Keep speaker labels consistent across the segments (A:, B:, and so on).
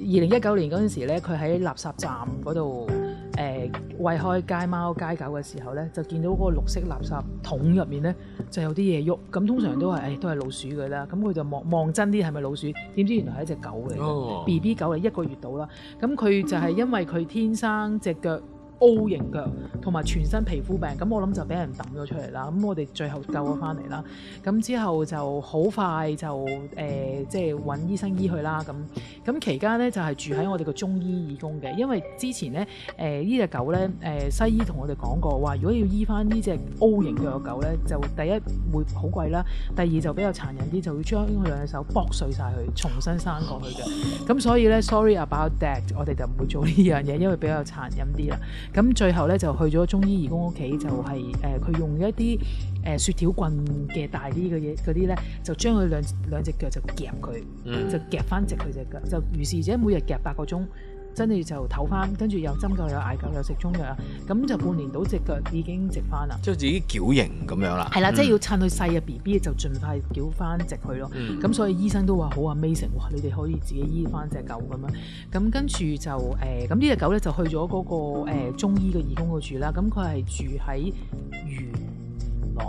A: 二零一九年嗰陣時咧，佢喺垃圾站嗰度誒餵開街貓街狗嘅時候咧，就見到嗰個綠色垃圾桶入面咧就有啲嘢喐，咁通常都係誒都係老鼠嘅啦，咁佢就望望真啲係咪老鼠？點知原來係一隻狗嚟，BB 狗係一個月到啦，咁佢就係因為佢天生隻腳。O 型腳同埋全身皮膚病，咁我諗就俾人抌咗出嚟啦。咁我哋最後救咗翻嚟啦。咁之後就好快就誒、呃，即係揾醫生醫佢啦。咁咁期間呢，就係、是、住喺我哋個中醫義工嘅，因為之前呢，誒、呃、呢隻狗呢，誒、呃、西醫同我哋講過話，如果要醫翻呢隻 O 型腳嘅狗呢，就第一會好貴啦，第二就比較殘忍啲，就會將佢兩隻手剝碎晒佢，重新生過去嘅。咁所以呢，Sorry about that，我哋就唔會做呢樣嘢，因為比較殘忍啲啦。咁最後咧就去咗中醫義工屋企，就係誒佢用咗一啲誒、呃、雪條棍嘅大啲嘅嘢嗰啲咧，就將佢兩兩隻腳就夾佢，嗯、就夾翻直佢隻腳，就如是，如是者每日夾八個鐘。真係就唞翻，跟住又針灸，又艾灸、又食中藥，咁就半年到隻腳已經直翻啦。即係
B: 自己矯形咁樣啦。係啦對，嗯、即係要
A: 趁佢細嘅 BB 就盡快矯翻直佢咯。咁、嗯、所以醫生都話好 amazing，你哋可以自己醫翻隻狗咁樣。咁跟住就誒，咁、呃、呢隻狗咧就去咗嗰個中醫嘅義工度住啦。咁佢係住喺元朗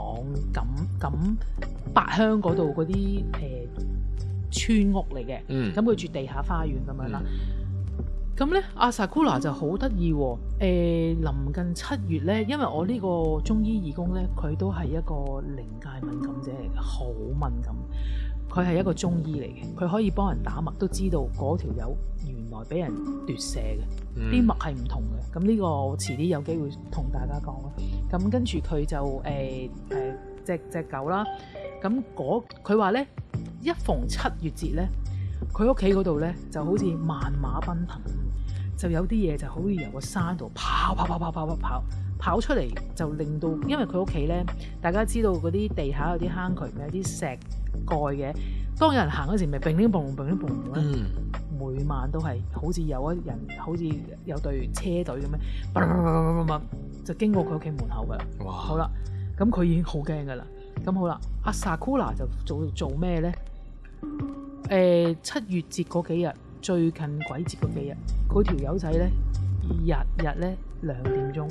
A: 錦錦八鄉嗰度嗰啲誒村屋嚟嘅。嗯。咁佢住地下花園咁樣啦。嗯。咁咧，阿 Sakura 就好得意喎。誒、欸，臨近，近七月咧，因為我呢個中醫義工咧，佢都係一個靈界敏感者嚟嘅，好敏感。佢係一個中醫嚟嘅，佢可以幫人打脈，都知道嗰條友原來俾人奪舍嘅，啲脈係唔同嘅。咁呢個我遲啲有機會同大家講啦。咁跟住佢就誒誒隻隻狗啦。咁佢話咧，一逢七月節咧。佢屋企嗰度咧，就好似萬馬奔騰，就有啲嘢就好似由個山度跑跑跑跑跑跑跑出嚟，就令到因為佢屋企咧，大家知道嗰啲地下有啲坑渠嘅，有啲石蓋嘅，當有人行嗰時，咪乒乒乓乓乒乓乓乓咧，每晚都係好似有一人，好似有隊車隊咁樣，就經過佢屋企門口㗎啦。哇。好啦，咁佢已經好驚噶啦。咁好啦，阿 SaKula 就做做咩咧？誒七、呃、月節嗰幾日，最近鬼節嗰幾日，佢條友仔咧日日咧，兩點鐘，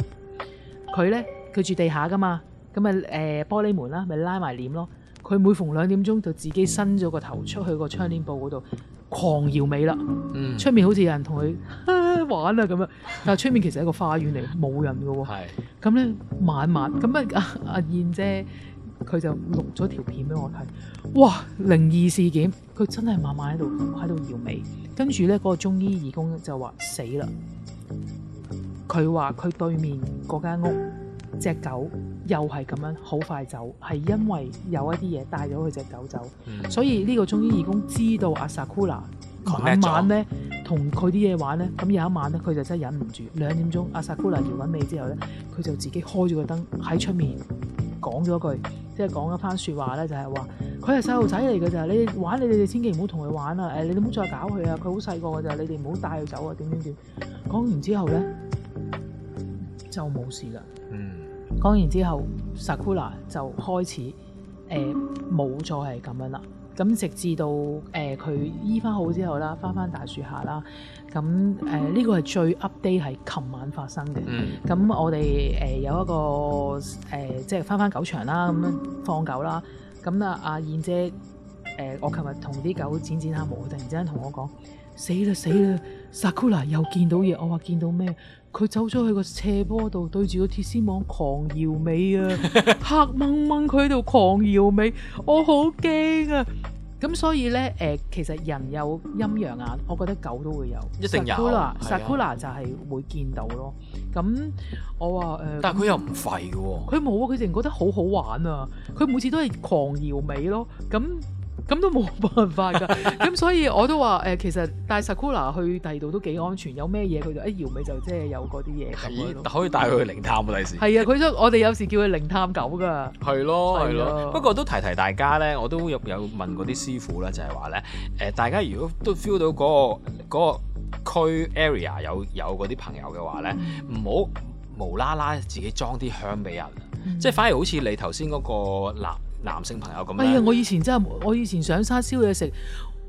A: 佢咧佢住地下噶嘛，咁啊誒玻璃門啦，咪拉埋簾咯。佢每逢兩點鐘就自己伸咗個頭出去個窗簾布嗰度狂搖尾、嗯啊、啦。嗯，出面好似有人同佢玩啊咁樣，但係出面其實係一個花園嚟，冇人㗎喎。係，咁咧晚晚咁啊，阿的、啊啊啊、燕姐。佢就錄咗條片俾我睇，哇！靈異事件，佢真係慢慢喺度喺度搖尾。跟住咧，嗰、那個中醫義工就話死啦。佢話佢對面嗰間屋隻狗又係咁樣好快走，係因為有一啲嘢帶咗佢隻狗走。嗯、所以呢個中醫義工知道阿薩庫拉晚晚咧同佢啲嘢玩咧，咁有一晚咧佢就真係忍唔住，兩點鐘阿、啊、薩庫拉搖緊尾之後咧，佢就自己開咗個燈喺出面講咗句。即係講一番說話咧，就係話佢係細路仔嚟嘅就咋，你玩你哋，你千祈唔好同佢玩啊。誒、啊，你哋唔好再搞佢啊，佢好細個嘅就咋，你哋唔好帶佢走啊，點點點。講完之後咧，就冇事啦。嗯，講完之後，Sakura 就開始誒，冇、呃、再係咁樣啦。咁直至到誒佢醫翻好之後啦，翻翻大樹下啦，咁誒呢個係最 update 係琴晚發生嘅。咁、嗯、我哋誒、呃、有一個誒、呃、即係翻翻狗場啦，咁樣放狗啦，咁啦阿燕姐誒、呃、我琴日同啲狗剪剪下毛，突然之間同我講，死啦死啦！嗯 s 莎庫拉又見到嘢，我話見到咩？佢走咗去個斜坡度，對住個鐵絲網狂搖尾啊！黑掹掹佢喺度狂搖尾，我好驚啊！咁所以咧，誒、呃、其實人有陰陽眼，我覺得狗都會有，一定有。莎庫拉，莎庫拉就係會見到咯。咁我話誒，呃、但係佢又唔
B: 吠嘅喎，
A: 佢冇，啊，佢淨覺得好好玩啊！佢每次都係狂搖尾咯，咁。咁都冇辦法㗎，咁 所以我都話誒，其實帶十酷 a 去第二度都幾安全，有咩嘢佢就一搖尾，就即係有嗰啲嘢，可以
B: 帶佢去零探第時。係啊
A: 佢都我哋有時叫佢零探狗㗎。係
B: 咯，係咯。不過都提提大家咧，我都有有問嗰啲師傅咧，就係話咧，誒大家如果都 feel 到嗰、那個嗰、那個、區 area 有有嗰啲朋友嘅話咧，唔好 無啦啦自己裝啲香俾人，即係 反而好似你頭先嗰個男。 男性朋友咁，哎呀！我以
A: 前真係，我以前上山燒嘢食，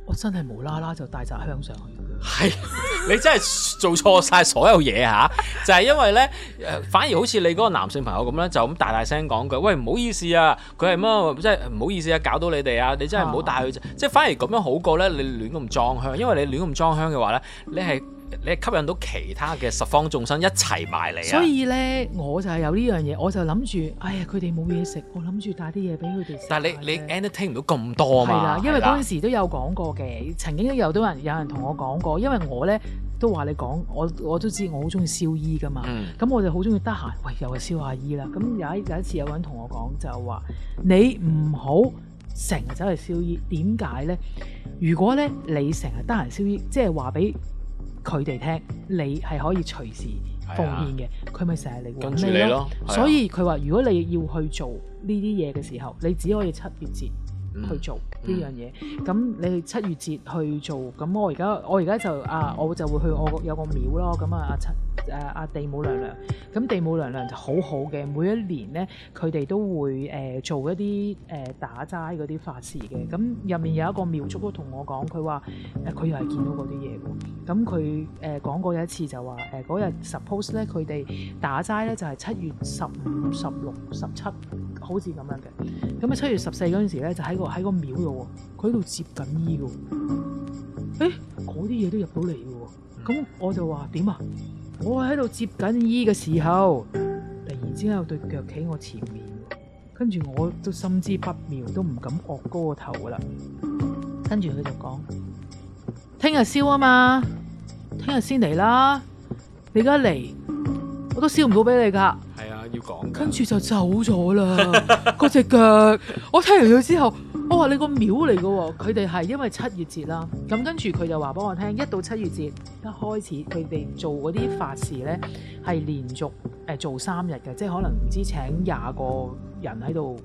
A: 我真係無啦啦就帶紮香上去。係
B: 你真係做錯晒所有嘢嚇，啊、 就係因為咧，誒、呃、反而好似你嗰個男性朋友咁咧，就咁大大聲講句：喂，唔好意思啊，佢係乜即係唔好意思啊，搞到你哋啊！你真係唔好帶佢，即係、啊、反而咁樣好過咧。你亂咁裝香，因為你亂咁裝香嘅話咧，你係。你吸引到其他嘅十方眾生一齊埋嚟啊！所以
A: 咧，我就係有呢樣嘢，我就諗住，哎呀，佢哋冇嘢食，我諗住帶啲嘢俾佢哋食。
B: 但係你你 entertain 唔到咁多嘛？係啦，因為嗰陣時
A: 都有講過嘅，曾經都有多人有人同我講過，因為我咧都話你講，我我都知我好中意燒衣噶嘛。咁、嗯、我就好中意得閒，喂，又係燒下衣啦。咁有有一次有個人同我講就係話，你唔好成日走嚟燒衣，點解咧？如果咧你成日得閒燒衣，即係話俾。佢哋聽，你係可以隨時奉獻嘅，佢咪成日嚟揾你咯、啊。你囉啊、所以佢話：如果你要去做呢啲嘢嘅時候，你只可以七月節去做呢、嗯嗯、樣嘢。咁你七月節去做，咁我而家我而家就啊，我就會去我個有個廟咯。咁啊啊陳啊啊地母娘娘，咁地母娘娘就好好嘅。每一年咧，佢哋都會誒、呃、做一啲誒、呃、打齋嗰啲法事嘅。咁入面有一個廟祝都同我講，佢話誒佢又係見到嗰啲嘢嘅。咁佢誒講過有一次就話誒，嗰、呃、日 suppose 咧佢哋打齋咧就係七月十五、十六、十七，好似咁樣嘅。咁喺七月十四嗰陣時咧，就喺、是、個喺個廟度，佢喺度接緊衣嘅。誒嗰啲嘢都入到嚟嘅喎。咁我就話點啊？我喺度接緊衣嘅時候，突然之間有對腳企我前面，跟住我都心知不妙，都唔敢岳高個頭啦。跟住佢就講。聽日燒啊嘛，聽日先嚟啦。你而家嚟，我都燒唔到俾你㗎。係啊，
B: 要講。跟住
A: 就走咗啦。嗰隻 腳，我聽完佢之後，我話你個廟嚟㗎、哦。佢哋係因為七月節啦。咁跟住佢就話俾我聽，一到七月節一開始，佢哋做嗰啲法事咧係連續誒、呃、做三日嘅，即係可能唔知請廿個人喺度。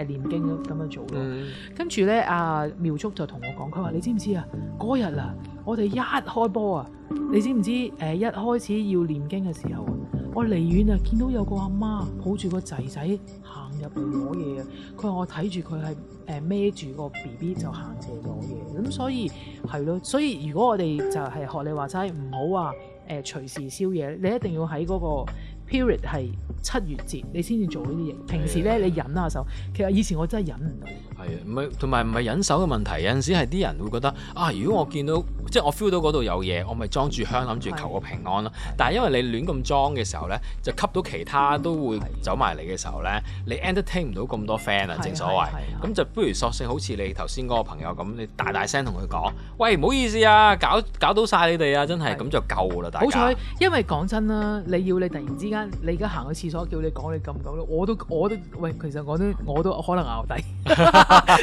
A: 係念經咁樣做咯，嗯啊、跟住咧，阿苗叔就同我講，佢話你知唔知啊？嗰日啊，我哋一開波啊，你知唔知？誒、啊，一開始要念經嘅時候啊，我離遠啊，見到有個阿媽抱住個仔仔行入嚟攞嘢啊，佢話我睇住佢係誒孭住個 B B 就行入嚟攞嘢，咁、嗯、所以係咯，所以如果我哋就係學你話齋，唔好話誒隨時宵夜，你一定要喺嗰個 period 係。七月節你先至做呢啲嘢，平時咧你忍下手，其實以前我真係忍唔到。
B: 係咪同埋唔係忍手嘅問題？有陣時係啲人會覺得啊，如果我見到即係我 feel 到嗰度有嘢，我咪裝住香諗住求個平安咯。是的 但係因為你亂咁裝嘅時候咧，就吸到其他都會走埋嚟嘅時候咧，是的 你 entertain 唔到咁多 friend 啊，是的 正所謂。咁就不如索性好似你頭先嗰個朋友咁，你大大聲同佢講，喂，唔好意思啊，搞搞到晒你哋啊，真係咁是的 就夠啦。大好彩，
A: 因為講真啦，你要你突然之間，你而家行去廁所叫你講你咁久咯，我都我都，我都喂，其實我都我都可能拗底。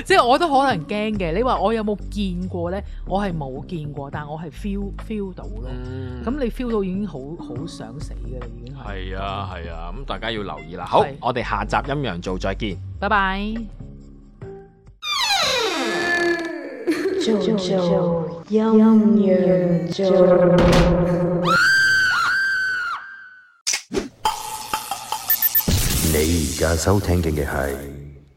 A: 即係我都可能驚嘅，你話我有冇見過呢？我係冇見過，但我係 feel feel 到咯。咁你 feel 到已經好好想死㗎喇，已
B: 經係。係啊係啊，咁大家要留意啦。好，我哋下集陰陽做再見，拜拜。Jojo，陰陽 jo。你而家收聽緊嘅係。